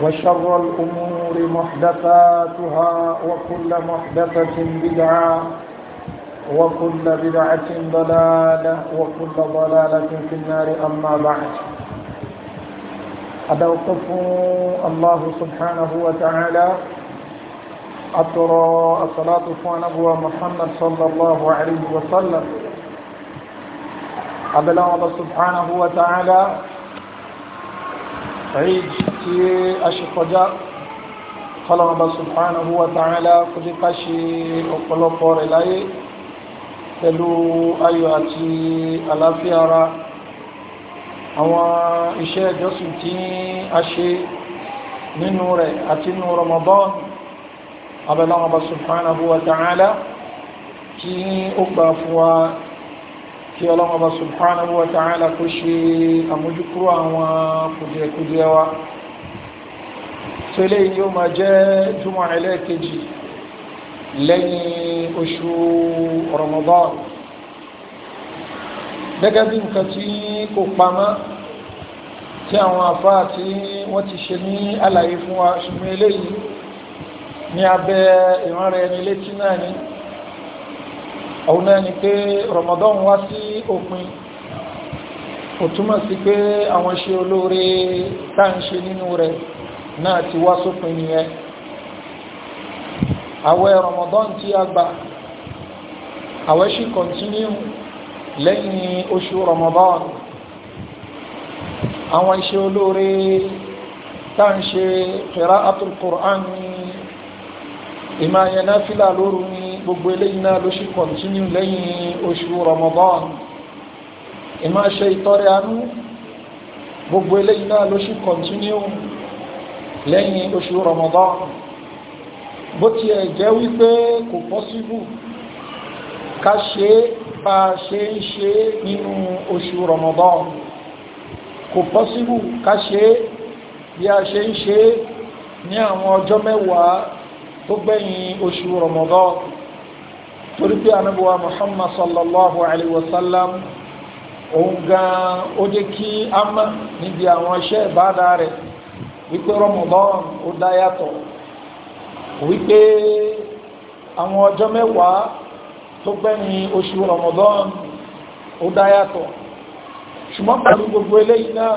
وشر الأمور محدثاتها وكل محدثة بدعة وكل بدعة ضلالة وكل ضلالة في النار أما بعد أدوقف الله سبحانه وتعالى أترى الصلاة فنبوى محمد صلى الله عليه وسلم أبلغ الله سبحانه وتعالى عيد tí a ṣe kọjá kọlọmọba subhanahu wa ta'ala kó jẹ́ ká ṣe ọ̀pọ̀lọpọ̀ rẹ̀ láyé pẹ̀lú ayọ̀ àti àlàáfíà ara àwọn iṣẹ́ ìjọsìn tí a ṣe nínú rẹ̀ àti nínú Ramadan abẹ́lọ́mọba subhanahu wa ta'ala kí ó ṣe àmójúkúrò àwọn kùdìẹ̀kùdìẹ̀ wa tẹ́lẹ̀ yìí ó máa jẹ́ júmọ̀ ẹlẹ́ẹ̀kejì lẹ́yìn oṣù Ramadan gẹ́gẹ́ bí nǹkan tí kò pamọ́ tí àwọn àfáà tí wọ́n ti ṣe ní àlàyé fún wa ṣùgbọ́n eléyìí ní abẹ́ ìran rẹ̀ ní létí náà ni òun náà ni pé Ramadan wá sí òpin ó túmọ̀ sí pé àwọn ṣe olóore tá à ń ṣe nínú rẹ̀ náà ti wá sópin nìyẹn àwẹ̀ Ramadan tí a gbà àwẹ̀ ṣì kọ̀ntínú lẹ́yìn oṣù Ramadan àwọn iṣẹ́ olóore tá ń ṣe qira'atul Qur'an ní ìmáyẹná fílà lóru ní gbogbo eléyìí náà ló ṣì kọ̀ntínú lẹ́yìn oṣù Ramadan ìmáṣe ìtọrẹ àánú gbogbo eléyìí náà ló ṣì kọ̀ntínú lẹ́yìn oṣù Ramadan bó tiẹ̀ jẹ́ wípé kò pọ́síbù ká ṣe bá ṣe ń ṣe nínú oṣù Ramadan kò pọ́síbù ká ṣe bí a ṣe ń ṣe ní àwọn ọjọ́ mẹ́wàá tó gbẹ̀yìn oṣù Ramadan torí pé anábọ̀wá Muhammad sallallahu alaihi wasallam òun gan ó jẹ́ kí a mọ̀ níbi àwọn iṣẹ́ ìbádà rẹ̀ wípé Ramadan ó dá yàtọ̀ wípé àwọn ọjọ́ mẹ́wàá tó gbẹ̀yìn oṣù Ramadan ó dá yàtọ̀ ṣùgbọ́n pẹ̀lú gbogbo eléyìí náà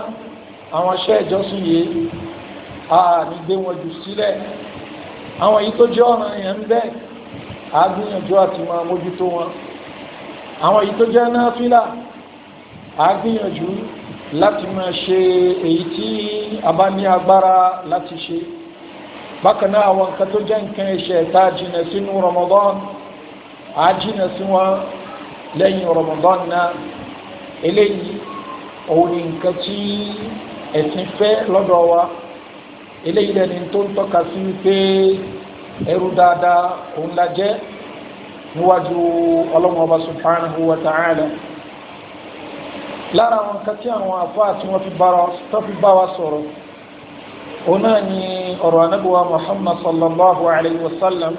àwọn iṣẹ́ ìjọsìn yìí a ní gbé wọn jù sílẹ̀ àwọn èyí tó jẹ́ ọ̀ràn yẹn ń bẹ a àti máa mójútó wọn àwọn èyí tó jẹ́ náà fílà a láti máa ṣe èyí tí a bá ní agbára láti ṣe bákan náà àwọn nǹkan tó jẹ́ nǹkan ẹ̀ṣẹ̀ tá a jìnà sínú Ramadan a jìnà sí wọn lẹ́yìn Ramadan náà eléyìí òun ni nǹkan tí ẹ̀sìn fẹ́ lọ́dọ̀ wa eléyìí lẹ́ni tó ń tọ́ka sí wípé ẹrú dáadáa òun la níwájú ọlọ́mọba subhanahu wa ta'ala. ala lára àwọn nǹkan tí àwọn àfáà tí wọ́n fi bá wa sọ̀rọ̀ òun náà ni ọ̀rọ̀ anábíwá muhammad sallallahu alayhi wa sallam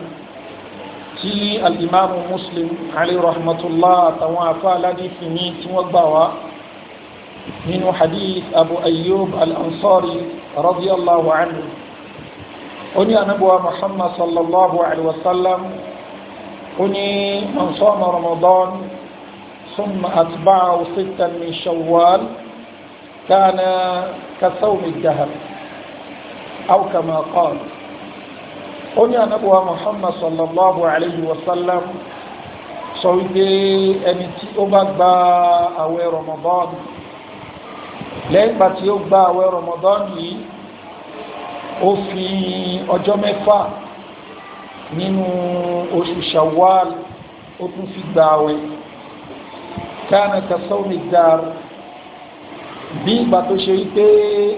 tí alìmáàmù muslim alayhi rahmatullah àtàwọn àfáà ládìsí ní tí wọ́n gbà wá nínú hadith abu ayyub al-ansari radiyallahu anhu ó ní muhammad sallallahu alayhi wa sallam ó ní ramadan ثم أتبعه ستا من شوال كان كثوم الدهر أو كما قال قلنا نبوى محمد صلى الله عليه وسلم sọ̀rọ̀dé ẹni tí ó bá gba àwẹ̀ Ramadan lẹ́gbà tí ó gba àwẹ̀ Ramadan yìí ó fi ọjọ́ mẹ́fà nínú oṣù Shawwal ó tún fi gba àwẹ̀ kana ka sawmi dar bí ìgbà tó ṣe wípé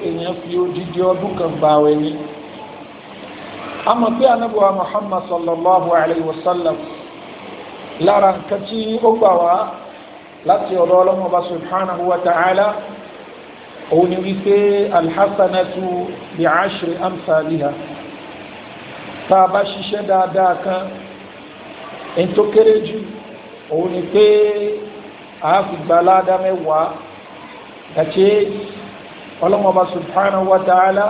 èèyàn fi odidi ọdún kan gba àwẹ̀ ni a mọ̀ pé anábọ̀wá muhammad sallallahu alayhi wa sallam lára nǹkan tí ó gbà wá láti ọ̀dọ̀ ọlọ́mọba subhanahu wa ta'ala òun ni wípé alhassanatu bi ashri amsaliha tá a bá ṣiṣẹ́ dáadáa kan èyí tó kéré jù òun ni pé a fi gba ládá mẹ́wàá kàṣe ọlọ́mọba subhanahu wa ta'ala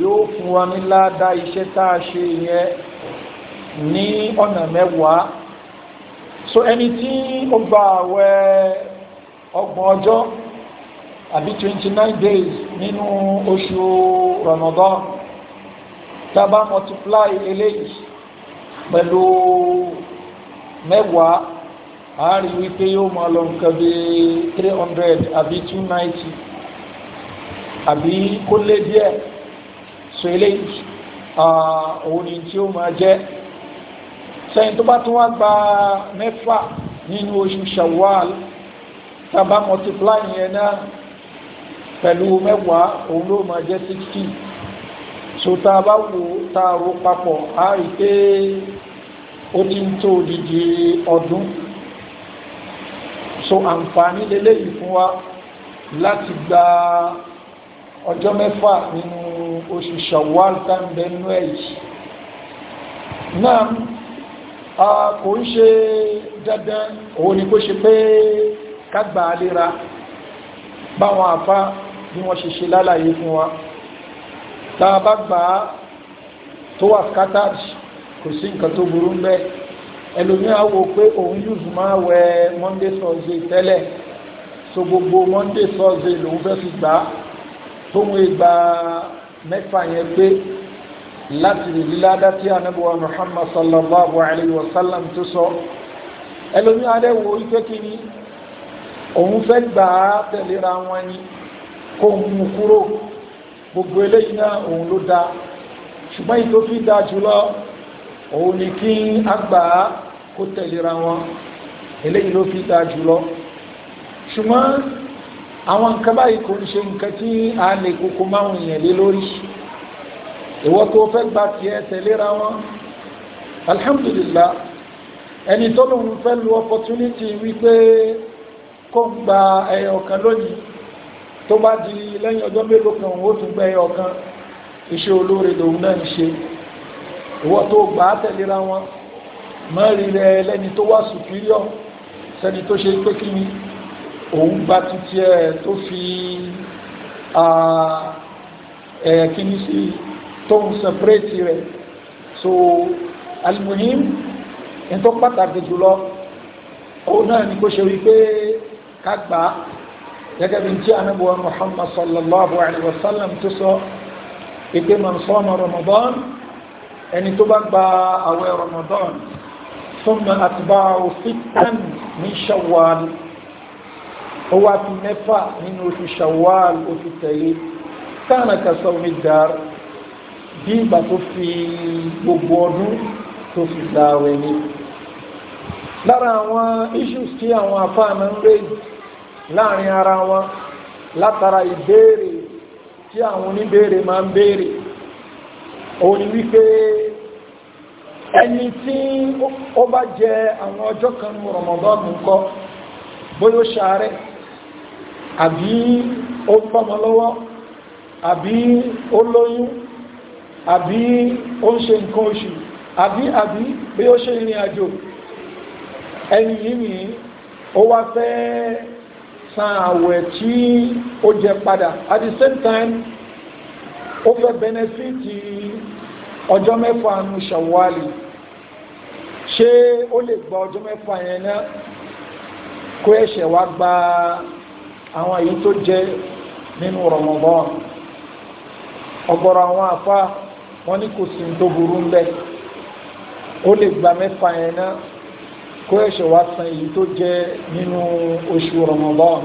yóò fún wa ní ládá iṣẹ́ tá a ṣe yẹn ní ọ̀nà mẹ́wàá so ẹni tí ó gba àwẹ̀ ọgbọ̀n ọjọ́ àbí 29 days nínú oṣù Ramadan tá multiply eléyìí pẹ̀lú mẹ́wàá a rí wípé yóò máa lọ nǹkan bí three hundred àbí two ninety àbí kó lé díẹ̀ so eléyìí òun ni tí ó máa jẹ́ sẹ́yìn tó bá tún wá gba mẹ́fà nínú oṣù Shawwal tàbá multiply yẹn náà pẹ̀lú mẹ́wàá òun ló máa jẹ́ sixty so tá a bá wò tá a ro papọ̀ a rí pé ó ti ń tó odidi ọdún so àǹfààní lélẹ́yìí fún wa láti gba ọjọ́ mẹ́fà nínú oṣù Shawwal tàbí ẹ̀yí náà kò ń ṣe dandan òun ni kó ṣe pé kágbà alera báwọn àfá bí wọ́n ṣe ṣe lálàyé fún wa tàbá gbà tó wà scattered kò sí nǹkan tó burú mẹ́rin ẹlòmíì á wò pé òun yùzù máa wẹ monday sunday tẹ́lẹ̀ so gbogbo monday sunday lòun fẹ́ fi gbà á tóun ìgbà mẹ́fà yẹn pé láti lè lílá dátí anábíwá muhammad sallallahu alayhi wa sallam tó sọ ẹlòmíì á dẹ̀ wò ife kìíní òun fẹ́ gbà á tẹ̀léra wọn ni kó mú kúrò gbogbo eléyìí náà òun ló dáa ṣùgbọ́n ìtòfin dáa jùlọ òun ni kí á á kó tẹ̀lera wọn eléyìí ló fi dáa jùlọ ṣùgbọ́n àwọn nǹkan báyìí kò ń ṣe nǹkan tí a lè kókó máwùn yẹn lé lórí ìwọ tó fẹ́ gba tiẹ̀ tẹ̀lera wọn alhamdulillah ẹni tó lòun fẹ́ lu opportunity wípé kó ń gba ẹyọ kan lónìí tó bá di lẹ́yìn ọjọ́ mélòó kan ó tún gba ẹyọ kan iṣẹ́ olóore lòun náà ń ṣe ìwọ tó gbà á tẹ̀lera wọn má rí rẹ lẹ́ni tó wà superior sẹ́ni tó ṣe pé kí ni òun gba títí ẹ̀ tó fi ẹ̀ kí ni sí tóun separate rẹ̀ so almuhim ẹni tó pàtàkì jùlọ òun náà ni kó ṣe wípé ká gbà á gẹ́gẹ́ bí tí anábọ̀ Muhammad sallallahu alaihi wasallam tó sọ ìpé man sọ́mọ Ramadan ẹni tó bá gba àwẹ̀ Ramadan ثم أتبعه ستا من شوال هو في مفع منه في شوال وفي التالي كان كصوم الدار بيبا في بوبونو في داويني lára àwọn issues tí àwọn afáàmì ń rèé láàrin ara wọn látara ìbéèrè tí àwọn oníbéèrè máa ń béèrè òun ni wípé ẹni tí ó bá jẹ àwọn ọjọ́ kan ní Ramadan nǹkọ́ bóyó ṣàárẹ̀ àbí ó pọ́mọ lọ́wọ́ àbí ó lóyún àbí ó ń ṣe nǹkan oṣù àbí àbí bí ó ṣe ìrìn àjò ẹni yìí ó wá fẹ́ san àwẹ̀ tí ó jẹ padà at the same time ó fẹ́ benefit ọjọ́ mẹ́fà nù ṣàwálì ṣé ó lè gba ọjọ́ mẹ́fà yẹn náà kó ẹ̀ṣẹ̀ wá gba àwọn èyí tó jẹ́ nínú Ramadan ọ̀gọ̀rọ̀ àwọn àfa wọn ní kò sí tó burú ńbẹ̀ ó lè gba mẹ́fà yẹn náà kó ẹ̀ṣẹ̀ wá san èyí tó jẹ́ nínú oṣù Ramadan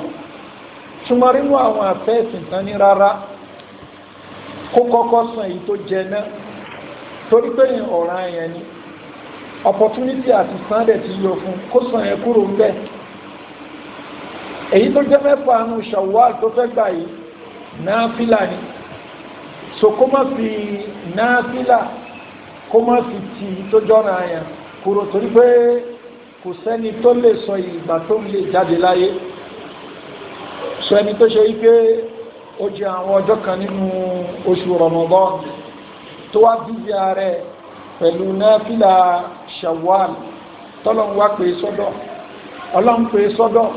túmọ̀ àwọn àfẹ́sìn tán ní rárá kó kọ́kọ́ san èyí tó jẹ náà torí pé ọ̀ràn yẹn ni opportunity àti sunday ti yọ fún kó san ẹ kúrò ń bẹ èyí tó jẹ́ mẹ́fà nu shawwal tó fẹ́ gbà yìí náfìlà ni so kó má fi náfìlà kó má fi tì í tó jọ́ra yẹn kúrò torí pé kò sẹ́ni tó lè sọ ìgbà tó lè jáde láyé sọ ẹni tó ṣe wípé ó jẹ àwọn ọjọ́ kan nínú oṣù Ramadan tó wá bíbí ààrẹ pẹ̀lú náfìlà shawwal tọ́lọ́n wá pé sọ́dọ̀ ọlọ́n pé sọ́dọ̀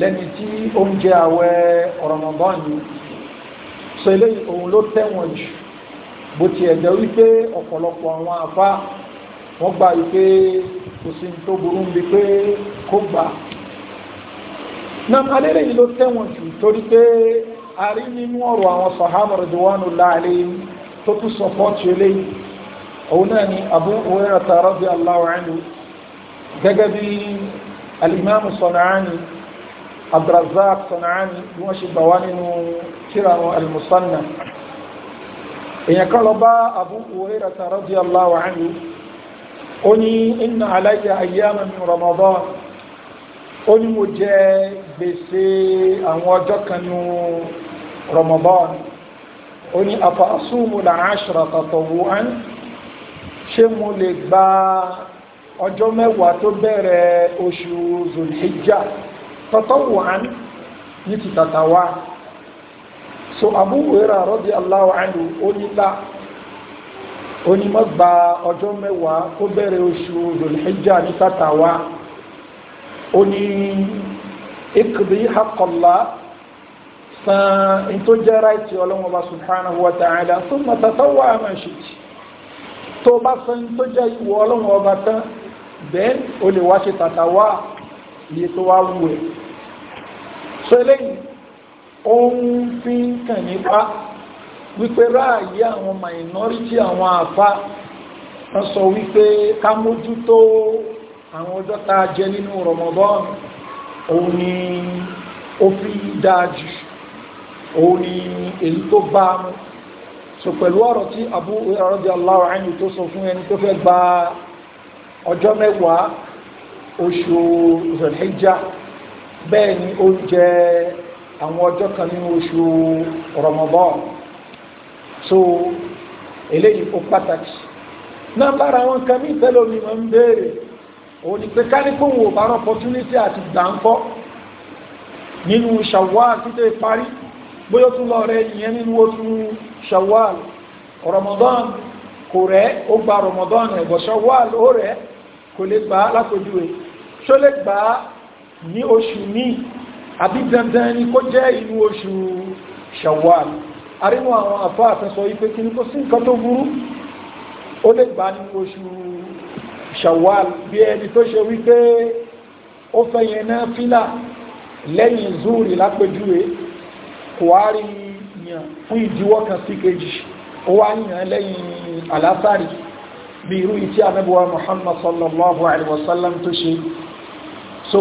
lẹ́ni tí ó ń jẹ àwẹ̀ Ramadan yìí sọ eléyìí òun ló tẹ̀wọ̀n jù bó ti ẹ̀jẹ̀ wípé ọ̀pọ̀lọpọ̀ àwọn àfá wọ́n gbà wípé kò sí tó burú ń bi pé kó gbà náà alẹ́rẹ́ yìí ló tẹ̀wọ̀n jù torí pé a rí nínú ọ̀rọ̀ àwọn sàhámà radwanullahi tó tún sọ fọ́ọ̀tì eléyìí òun náà ni Abu Hurairah radiyallahu anhu gẹ́gẹ́ bí alimami San'ani Abdurrazzaq San'ani bí wọ́n ṣe gbà wá nínú tírà wọn al-Musannaf èèyàn kan lọ bá Abu Hurairah radiyallahu anhu ó ní inna alayya ayyaman min Ramadan ó ní mo jẹ gbèsè àwọn ọjọ́ kan nínú Ramadan ó ní afa asumu al-ashra tatawwu'an ṣé mo lè gba ọjọ́ mẹ́wàá tó bẹ̀rẹ̀ oṣù zulhijjá tọ́tọ́wò án ní ti tàtà wá so Abu Hurairah radiyallahu anhu onílá onímọ̀ gba ọjọ́ mẹ́wàá tó bẹ̀rẹ̀ oṣù zulhijjá ní tàtà wá ó ní ikbi san in tó jẹ́ ráìtì ọlọ́wọ́ bá subhanahu tó bá san tó jẹ́ ìwọ ọlọ́run ọba tán then o lè wá ṣe tàtà wá iye tó wá wù ẹ̀ so eléyìí ó ń fi ń kàn nípa wípé ráàyè àwọn minority àwọn àfa wọ́n sọ wípé ká mójútó àwọn ọjọ́ tá a jẹ nínú Ramadan òun ni ó fi dáa jù òun ni èyí tó bá mu so pẹ̀lú ọ̀rọ̀ tí Abu radiyallahu anhu tó sọ fún ẹni tó fẹ́ gba ọjọ́ mẹ́wàá oṣù Zulhijja bẹ́ẹ̀ ni ó jẹ àwọn ọjọ́ kan nínú oṣù Ramadan so eléyìí ó pàtàkì náà bára wọn kan ní ìtẹ́lẹ̀ omi máa ń béèrè òun ni pé káníkóhùn ò bá rán opportunity àti gbàǹkọ́ nínú Shawwal títẹ̀ parí bóyá tún lọ rẹ ìyẹn nínú oṣù shawwal ramadan kò rẹ̀ ó gba ramadan ẹ̀ bọ̀ shawwal ó rẹ̀ kò lè gbà á lápòjúwe ṣó lè gbà ní oṣù míì àbí dandan ni kó jẹ́ inú oṣù shawwal arínú àwọn àfá àfẹ́sọ ipé kí ní kó sí nǹkan tó burú ó lè gbà ní oṣù shawwal bí ẹni tó ṣe wípé ó fẹ́yẹn náà fílà lẹ́yìn zúrì lápẹjúwe kò wá rí i yàn fún ìdíwọ́ kan sí kejì ó wá yàn lẹ́yìn alásàrí bí irú ìtí anábíwá muhammad sallallahu alaihi wasallam tó ṣe so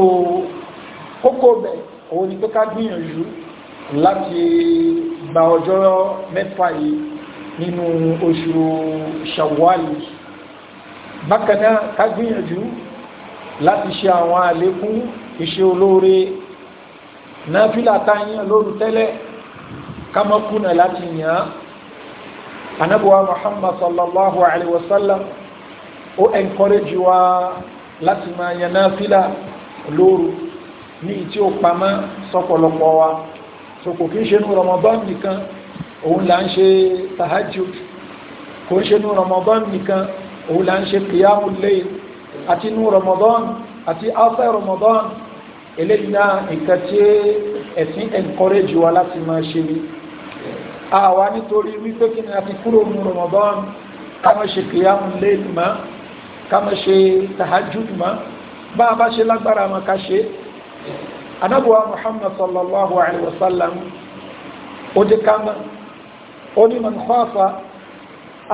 kókó bẹ̀ òun ni pé ká gbìyànjú láti gba ọjọ́ mẹ́fà yìí nínú oṣù shawwali bákan náà ká gbìyànjú láti ṣe àwọn àlékún iṣẹ́ olóore náà fílà táyín lóru tẹ́lẹ̀ kama kuna láti yàn án anabuwa muhammad sallallahu alaihi wasallam ó encourage wa láti máa yan náfìlà lóru ní ìtí ó pamọ́ sọ́pọ̀lọpọ̀ wa so kò kí ń ṣe ní ramadan nìkan òun là ń ṣe tahajjud kò ń ṣe ní ramadan nìkan òun là ń ṣe qiyamul layl àti ní ramadan àti after ramadan eléyìí náà nǹkan tí ẹ̀sìn e- encourage wa láti máa ṣe àwa nítorí wípé kí ni a ti kúrò mú Ramadan ká má ṣe kìyàmù léèlì mọ́ ká má ṣe tahajjud mọ́ bá a bá ṣe lágbára mọ́ ká ṣe anábùwà Muhammad sallallahu alaihi wasallam ó dé ká mọ́ ó ní man khafa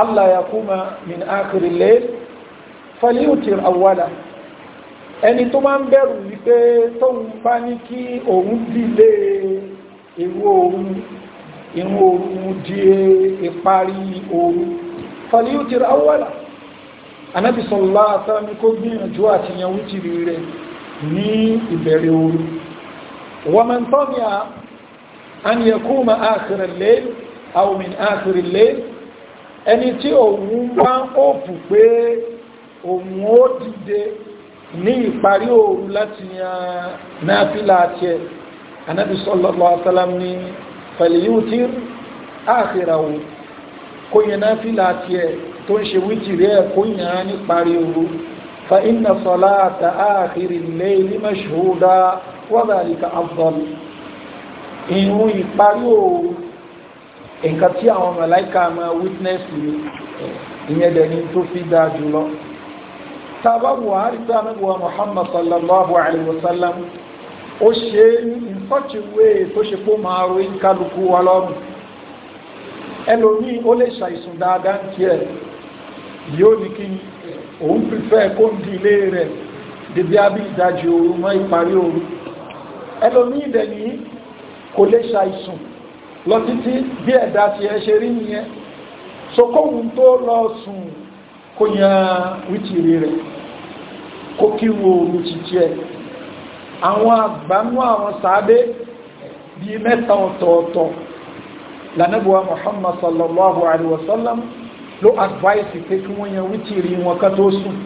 alla yakuma min akhir al-layl falyutir awwala ẹni tó máa ń bẹ̀rù wípé tóun bá ní kí òun dìde ìwú òun inú oorun di ìparí oorun fàlí ó ti ra awọ́là anábì sọ̀lá àtàmì kó gbìyànjú àti yan wítìrí rẹ̀ ní ìbẹ̀rẹ̀ oorun wọ́n mẹ́ tọ́mí à ń yẹ kú ma áàkiri lé àwòmìn áàkiri lé ẹni tí òun bá ń òpù pé òun ó dìde ní ìparí oorun láti yan náà fílà àti ẹ̀ fẹ̀lìyútír áàkìràwò kó yẹn náà fílà tiẹ̀ tó ń ṣe wítìrí ẹ̀ kó yẹn á ní parí ooru fa inna salata áàkìrì layli mashhuda wa dhalika afdal ìrun ìparí ooru nǹkan tí àwọn màláíkà máa witness ni ìyẹn dẹ̀ ni tó fi dáa jùlọ tábàbù àárí tí a náà wà Muhammad sallallahu alaihi wasallam ó ṣe in such a way tó ṣe pó máa ro ìkálukú wa lọ́rùn ẹlòmíì ó lè ṣàìsùn dáadáa ń tiẹ̀ yóò ní kí òun prefer kó ń di ilé rẹ̀ dèbí abí ìdajì òru mọ́ ìparí òru ẹlòmíì dẹ̀ ní kò lè ṣàìsùn lọ títí bí ẹ̀dá ti ẹ ṣe rí nìyẹn so tó lọ sùn kó yan wítìrí rẹ̀ kó kí wo òru títí ẹ̀ àwọn àgbánú àwọn sàábé bí mẹ́ta ọ̀tọ̀ọ̀tọ̀ lànàbùwà Muhammad sallallahu alaihi wasallam ló advice pé kí wọ́n yan wítìrí wọn ká tó sùn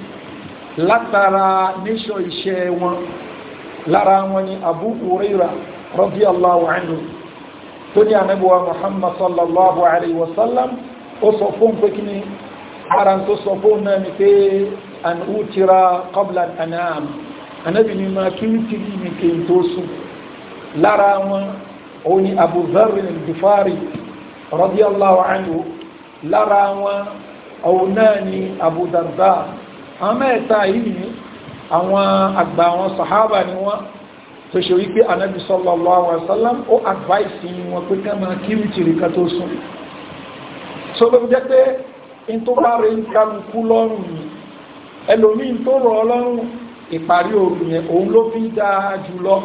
látara níṣọ́ iṣẹ́ wọn lára wọn ni Abu Huraira radiyallahu anhu tó ní ànàbùwà Muhammad sallallahu alaihi wasallam ó sọ fún pé kí ni ara sọ fún náà ni pé an utira qabla anam anábì ní máa kí ní tìrí mi kí n tó sùn lára wọn òun ni Abu Dharr al-Ghifari radiyallahu anhu lára wọn òun náà ni Abu Darda àwọn mẹ́ta yìí ni àwọn àgbà àwọn sàhábà ni wọ́n tó ṣe wípé anábi sallallahu alaihi wasallam ó advice yìí wọn pé kẹ́mà kí ní tìrí ká tó sùn so ló jẹ́ pé in tó bá rí kálukú lọ́rùn ẹlòmí tó rọ̀ ọlọ́rùn ìparí òru yẹn òun ló fi dáa jùlọ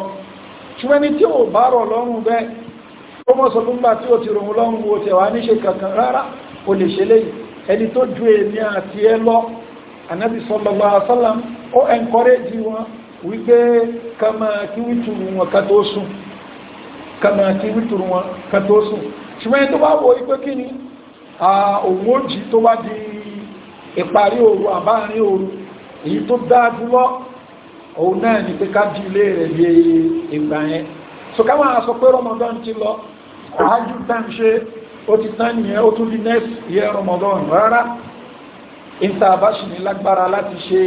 ṣùgbọ́n ní tí ò bá rọ̀ lọ́rùn bẹ́ẹ̀ ó mọ́ sọ fún gbà tí ó ti rọrùn lọ́rùn o tẹ̀wà níṣe kankan rárá o lè ṣe léyìn ẹni tó ju èmi àti ẹ lọ anábì sọlọ́lọ́ asálàm ó ẹnkọ́rẹ́jì wọn wípé kama kí wítùrù wọn ká tó sùn kama kí wítùrù wọn ká tó sùn ṣùgbọ́n tó bá wọ ipé kí ni òun ó jì tó bá di ìparí òru àbáàrin òru èyí tó dáa jùlọ òun náà ni pé ká bí ilé rẹ̀ bí ìgbà yẹn so ká máa sọ pé Ramadan ti lọ àájú tán ṣe ó ti tán nìyẹn ó tún di next year Ramadan rárá ìta bá ṣì ní lágbára láti ṣe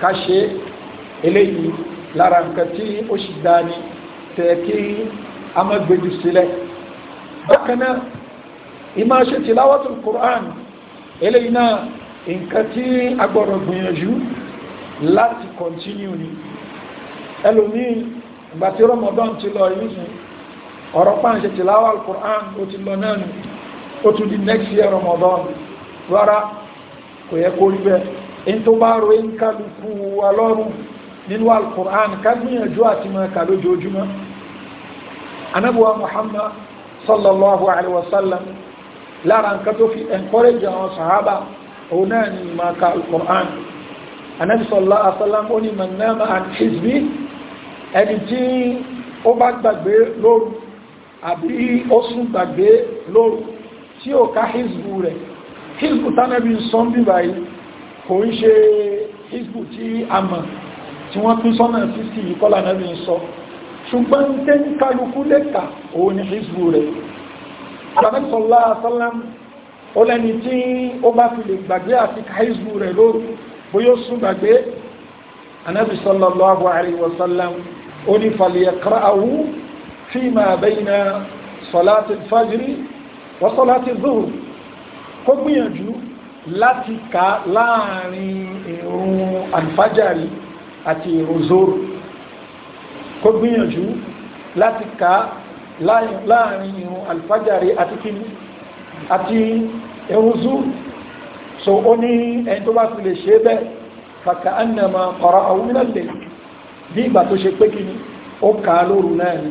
ká ṣe eléyìí lára nǹkan tí ó ṣì dá ní tẹ̀ kí a má gbèjù sílẹ̀ bákan náà ìmá ṣe tìláwọ́tù Qur'an eléyìí náà nǹkan tí a gbọ́dọ̀ gbìyànjú láti continue ni ẹlòmíì ìgbà Ramadan ti lọ yìí sùn ọ̀rọ̀ pàǹṣẹ ti láwà al-Qur'an ó ti lọ náà nù ó tún di next year Ramadan rárá kò yẹ kó rí bẹ́ẹ̀ in tó bá ro in kálukú wa lọ́rùn nínú al-Qur'an ká gbìyànjú àti máa kà lójoojúmọ́ anábùwà Muhammad sallallahu alaihi wasallam lára nǹkan tó fi encourage àwọn sahaba òun náà ni ìmọ̀ ka al-Qur'an anabi sallallahu alaihi wasallam ó ní manama and hizbi ẹni tí ó bá gbàgbé lóru àbí ó sún gbàgbé lóru tí ó ká hizbu rẹ̀ hizbu tánàbí sọ́n bí báyìí kò ń ṣe hizbu tí a mọ̀ tí wọ́n tún sọ́nà sísì ìkọ́lá náà bí ń sọ ṣùgbọ́n tẹ́ ń kálukú lẹ́ka òun ni hizbu rẹ̀ Ànábì sallallahu ó lẹ́ni tí ó bá fi lè gbàgbé àti ká hizbu rẹ̀ lóru bóyá ó sún gbàgbé anábì sallallahu alayhi wa sallam ó ní falyaqra'ahu fima bayna salati fajiri wa salati zuhur kó gbìyànjú láti kà láàrin ìrun alfajari àti ìrun zuhur kó gbìyànjú láti kà láàrin ìrun alfajari àti kíni àti so ó ní ẹni tó bá fi lè ṣe bẹ́ẹ̀ kàkà annama kọ̀rọ̀ àwúlẹ̀ lè bí ìgbà tó ṣe pé kí ni ó kà á lóru náà ni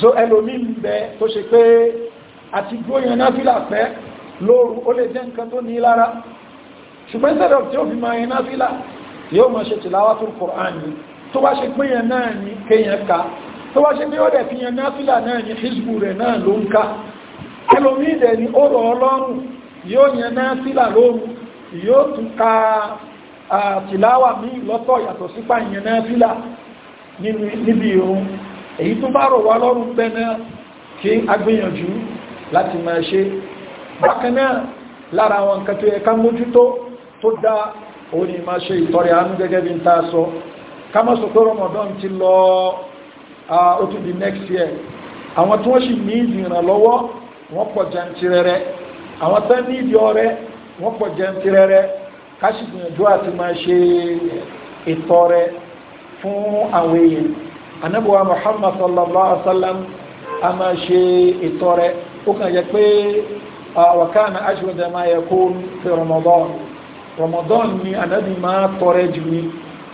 so ẹlòmí ń bẹ tó ṣe pé àti gbóyan náfílà pẹ́ lóru ó lè jẹ́ nǹkan tó ní lára ṣùgbọ́n sẹ́dọ̀ tí ó fi máa yan náfílà yóò máa ṣe tìláwà tó kùrán ni tó bá ṣe péyàn náà ni kéyàn ká tó bá ṣe pé ó fi yan náfílà náà ni hizbu náà ló ń ká ẹlòmí dẹ̀ ni ó rọ̀ ọlọ́run yóò yẹn náà sílà lóru yóò tún ka tìláwà mí lọ́tọ̀ yàtọ̀ sípa ìyẹn náà sílà níbi ìrun èyí tó bá rọ̀ wá lọ́rùn pẹ́ náà kí agbìyànjú láti máa ṣe bákan lára àwọn nǹkan tó yẹ ká mójútó tó dá orí máa ṣe ìtọrẹ àánú gẹ́gẹ́ bí n ta sọ ká má sọ pé Ramadan ti lọ ó tún di next year àwọn tí wọ́n sì ní ìrànlọ́wọ́ wọ́n pọ̀ jàǹtìrẹrẹ àwọn tán ní ìdí ọrẹ wọ́n pọ̀ jẹntirẹrẹ ká sì gbìyànjú àti máa ṣe ìtọrẹ fún àwọn èèyàn anábùwà Muhammad sallallahu alaihi wa sallam a máa ṣe ìtọrẹ ó kàn jẹ́ pé wàkánà aṣọ́dẹ̀ máa yẹ kó fi Ramadan Ramadan ni anábì máa tọrẹ jù ní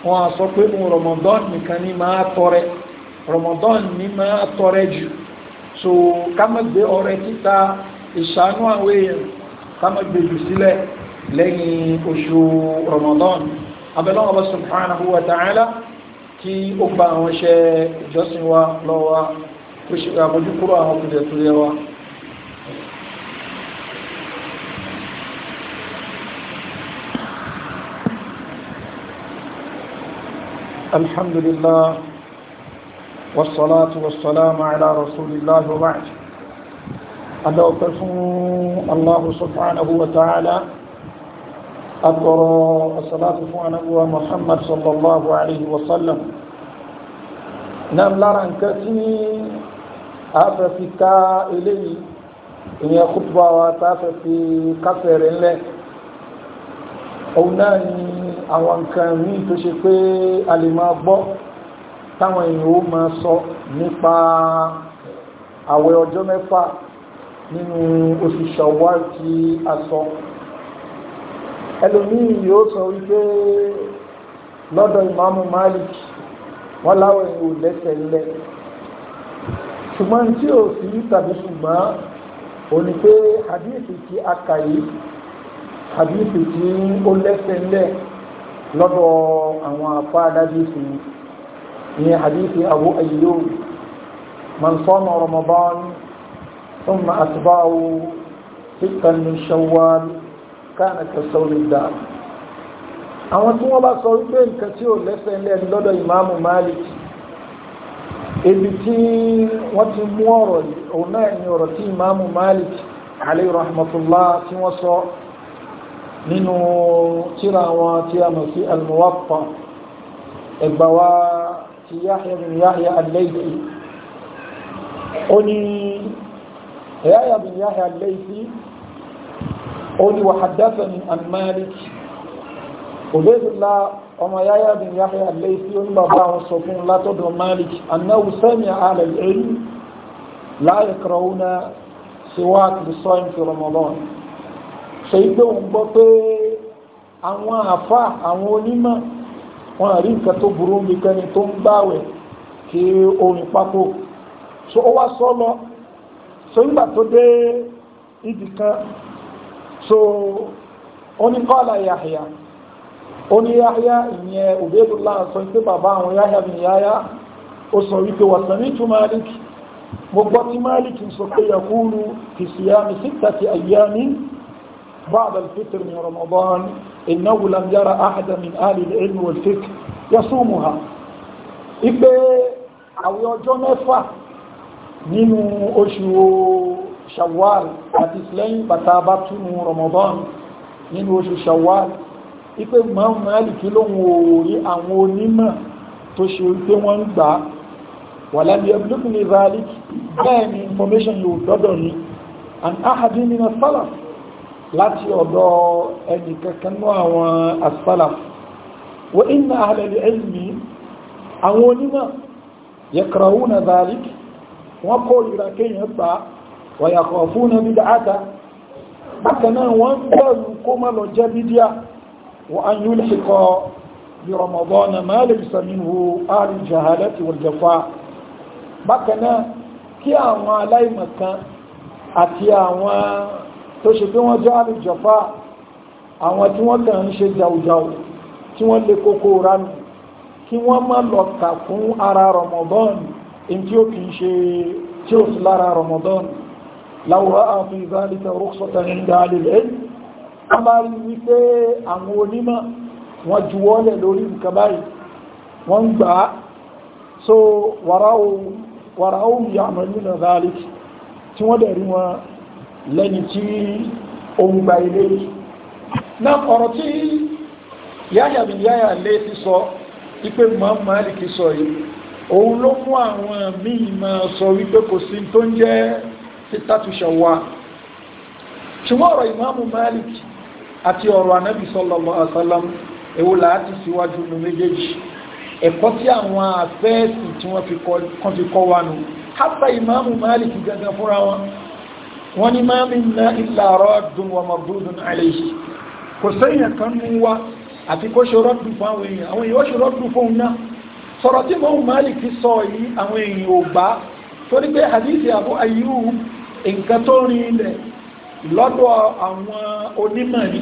wọ́n a sọ pé òun Ramadan nìkan ni máa tọrẹ Ramadan ni máa tọrẹ jù so ká má gbé ọrẹ títa ìṣàánú àwọn èèyàn kámẹ́gbèjù sílẹ̀ lẹ́yìn oṣù Ramadan abẹ́lọ́wọ́ subhanahu wa ta'ala kí ó gba àwọn iṣẹ́ ìjọsìn wa lọ́wọ́ kó ṣe àbójúkúrò àwọn kùdẹ̀kùdẹ̀ wa الحمد لله والصلاة والسلام على رسول الله adáwọ̀pẹ́ fún Allahu subhanahu wa ta'ala atọ̀rọ̀ asalatu fún anábúwa Muhammad sallallahu alaihi wasallam náà lára nǹkan tí a fẹ́ fi ká eléyìí ìyẹn kútùbà wa tá a fẹ́ fi kásẹ̀rẹ̀ ńlẹ̀ òun náà ni àwọn nǹkan míì tó ṣe pé a lè máa gbọ́ táwọn èèyàn ó máa sọ nípa àwẹ̀ ọjọ́ mẹ́fà nínú oṣù Ṣawwal tí a sọ ẹlòmíì yóò sọ wípé lọ́dọ̀ ìmáàmù Malik wọ́n láwọn èèyàn ò lẹ́sẹ̀ lẹ́ ṣùgbọ́n tí ò sí tàbí ṣùgbọ́n ò ní pé hadithi tí a kà yìí hadithi tí ó lẹ́sẹ̀ lẹ́ lọ́dọ̀ àwọn afá adájísì ní hadithi Abu Ayyub man sọ́mọ Ramadan ثم أتبعه ستا من شوال كان كصول الدار àwọn tí wọ́n bá sọ wípé nǹkan tí ò lẹ́sẹ̀ ńlẹ̀ ní lọ́dọ̀ ìmáàmù Malik ibi tí wọ́n ti mú ọ̀rọ̀ òun náà ni ọ̀rọ̀ tí ìmáàmù Malik alayhi rahmatullah tí wọ́n sọ nínú tíra wọn tí a mọ̀ sí al-Muwatta ẹgbà wa ti Yahya bin Yahya al-Laythi ó ní يحيى بن يحيى الليثي قولي وحدثني عن مالك عبيد الله وما يحيى بن يحيى الليثي باباه الصوفون لا تدعو مالك أنه سمع على العلم لا يكرهون سواك بالصائم في رمضان ṣèyíkpé wọn gbọ́ pé àwọn àfa àwọn onímọ̀ wọn àrí nǹkan tó burú nìkan ni tó ń gbàwẹ̀ kí orin pákó so ó wá sọ so nígbà tó dé ibì kan so ó ní kọ́lá yahya ó ní yahya ìyẹn Ubaydullah sọ pé bàbá àwọn yahya bin yahya ó sọ wípé wa sami'tu Malik mo gbọ́ tí Malik sọ pé yaqulu fi siyami sittati ayyamin بعد الفطر من nínú oṣù shawwal àti lẹ́yìn bàtà bá túnú ramadan nínú oṣù shawwal ipé Imam Málìkì lóhun orí àwọn onímọ̀ tó ṣe wípé wọ́n ń gbà wàlábí ẹgbẹ́kùn ní zalik bẹ́ẹ̀ ni information yóò dọ́dọ̀ ní an ahadi min as-salaf láti ọ̀dọ̀ ẹni kankanú àwọn as-salaf wa inna ahlal ilmi àwọn onímọ̀ yakrauna zalik wọ́n kó ìrà kéèyàn pa wọ̀yàkọ̀ fún ní bídá áta bákanáà wọ́n bẹ̀rù kó má lọ jẹ́ bídíà wọ́n an yúlẹ̀ kíkọ́ bí Ramadan ma lè sàmìnwó àrí jahalati wal jafa bákanáà kí wọ́n má lọ kà fún ara Ramadan in tí ó kìí ṣe tí ó sì lára Ramadan láwọ́ àfi ìzáàlìkà rúksọ̀tà ní dáadìlẹ̀ a máa rí wípé àwọn onímọ̀ wọ́n juwọ́lẹ̀ lórí nǹkan báyìí wọ́n gbà á so wàráhù yàmàlú na záàlìk tí wọ́n dẹ̀rí wọn lẹ́ni tí ó ń gba ilé náà ọ̀rọ̀ òun ló mú àwọn míì máa sọ wípé kò sí tó ń jẹ́ sítátù ṣàwà ṣùgbọ́n ọ̀rọ̀ ìmáàmù Malik àti ọ̀rọ̀ anábì sallallahu alaihi wasallam èwo láti síwájú nu méjèèjì ẹ̀kọ́ tí àwọn àfẹ́ẹ̀sì tí wọ́n fi kọ́ wa nù hábà ìmáàmù Malik gangan fúnra wọn wọ́n ní máa mi ná illa raddun wa mardudun alayhi kò sẹ́yìn kan mú wa àti kó ṣe rọ́dùn fún àwọn èèyàn àwọn èèyàn ó ṣe rọ́dùn fún náà sọ̀rọ̀ tí mọ́ Malik sọ yìí àwọn èèyàn ò gbá torí pé hadith Abu Ayyub nǹkan tó rí ilẹ̀ lọ́dọ̀ àwọn onímọ̀ ni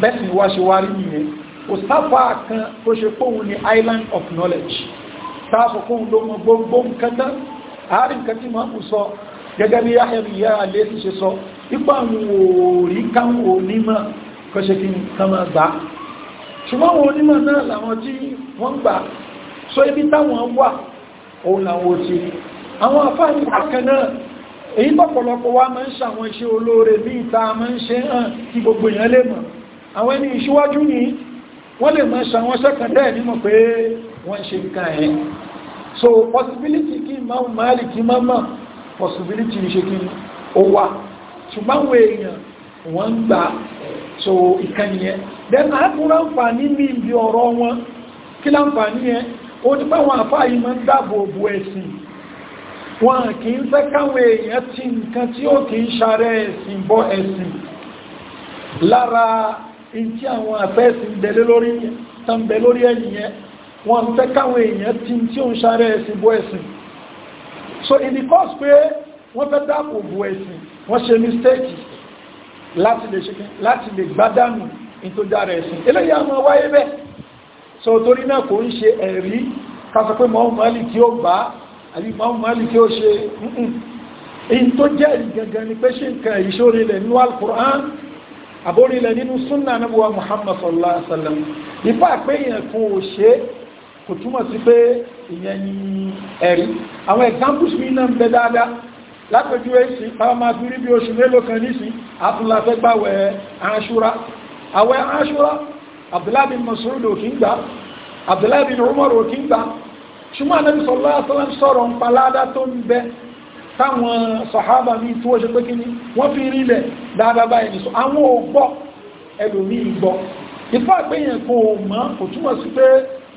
bẹ́ẹ̀ sì wá ṣe wá nìyẹn kò sáfà kan tó ṣe póhun ní island of knowledge sáfà kóhun ló mọ gbogbo nǹkan tán àárín nǹkan tí máa ń sọ gẹ́gẹ́ bí yáhẹ̀rì yá alẹ́ ti ṣe sọ ipa àwọn òòrí káwọn onímọ̀ kọ́ṣe kí nǹkan máa gbà ṣùgbọ́n onímọ̀ náà làwọn tí wọ́n gbà so ibi táwọn wà òun làwọn òṣè àwọn àfáàní àkànnáà èyí pọ̀pọ̀lọpọ̀ wa máa ń ṣàwọn iṣẹ́ olóore ní ìta máa ń ṣe hàn tí gbogbo èèyàn lè mọ̀ àwọn ẹni ìṣíwájú ní wọ́n lè máa ṣàwọn sẹ́kàndẹ́ nímọ̀ pé wọ́n ṣe nǹkan ẹ̀ so possibility kí máa máàlì possibility ṣe kí ó wà ṣùgbọ́n àwọn èèyàn so ìkànnì yẹn then àkúrà ń fà ní ibi ọ̀rọ̀ láǹfà ní yẹn ó ní pé àwọn àfáà yìí máa ń dáàbò bo ẹ̀sìn wọn kì í fẹ́ káwọn èèyàn ti nǹkan tí ó kì í ṣàrẹ ẹ̀sìn bọ́ ẹ̀sìn lára tí àwọn àfẹ́ẹ̀sìn bẹ̀lẹ́ lórí tàbẹ̀ lórí ẹ̀yìn wọn fẹ́ káwọn èèyàn ti tí ó ń ṣàrẹ ẹ̀sìn bọ́ ẹ̀sìn so in the course pé wọ́n fẹ́ dáàbò bo ẹ̀sìn wọ́n ṣe mistake láti lè gbádànù ní tó ẹ̀sìn eléyìí àwọn wáyé bẹ́ẹ̀ so torí náà kò ń ṣe ẹ̀rí kásọ pé mọ́ mọ́lì tí ó gbá àbí mọ́ mọ́lì tí ó ṣe in tó jẹ́ ìgangan ni pé ṣe nǹkan ìṣórílẹ̀ nínú al-Qur'an àbórílẹ̀ nínú súnnà anábúwa Muhammad sallallahu alaihi wasallam ipá pé èèyàn ni ẹ̀rí àwọn examples mi náà ń bẹ dáadáa lápẹjú èsì táwọn máa fi rí bí oṣù mélòó abdullahi bin mas'ud òkín gbà abdullahi bin umar òkín gbà ṣùgbọ́n anabi sallallahu alaihi wasallam sọ̀rọ̀ ń palada tó ń bẹ táwọn sàhábà mi tí wọ́n ṣe pé kíní wọ́n fi rí lẹ̀ dáadáa báyìí nìṣọ́ àwọn ò gbọ́ ẹlòmí gbọ́ ìfọ́ àgbéyàn kan ò mọ̀ kò túmọ̀ sí pé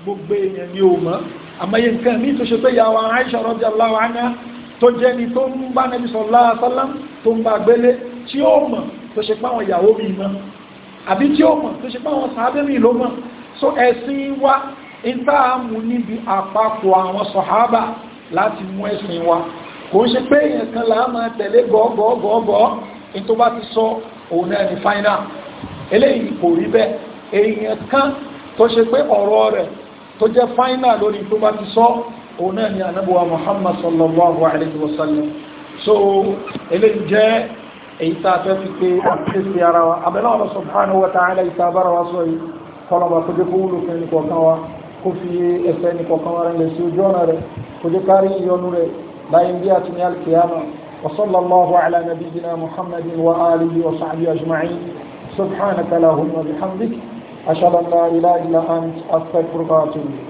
gbogbo èèyàn ni ò mọ̀ àmọ́yé nǹkan mí tó ṣe pé yàwó Aisha radiyallahu anha tó jẹ́ ni tó ń bá nabi sallallahu alaihi tó ń bá gbélé tí ó mọ̀ tó ṣe pé àwọn ìyàwó mi mọ̀ àbí tí ó mọ̀ tó ṣe pé àwọn sàábẹ́mì ló mọ̀ so ẹ̀sìn wa ń táà mú níbi àpapọ̀ àwọn sọ̀hábà láti mú ẹ̀sìn wa kò ń ṣe pé èèyàn kan là á máa tẹ̀lé gọ́ọ̀gọ́ọ̀gọ́ in tó bá ti sọ òun náà ní fáínà eléyìí kò rí so eléyìí jẹ́ èyí tá a fẹ́ fi pé àpèsè ara wa abẹ́lẹ́ ọ̀rọ̀ subhanahu wa ta'ala ìta abára wa sọ yìí kọlọ̀bà kó jẹ́ kó wúlò fún ẹnì kọ̀ọ̀kan wa kó fi ẹsẹ̀ ẹnì kọ̀ọ̀kan wa rẹ̀ lẹ̀ sí ojú ọ̀nà rẹ̀ kó kárí ìyọnu rẹ̀ láyé bí àti ní alkiyama وصلى الله على نبينا محمد وآله وصحبه أجمعين سبحانك اللهم وبحمدك أشهد أن لا إله إلا أنت أستغفرك وأتوب إليك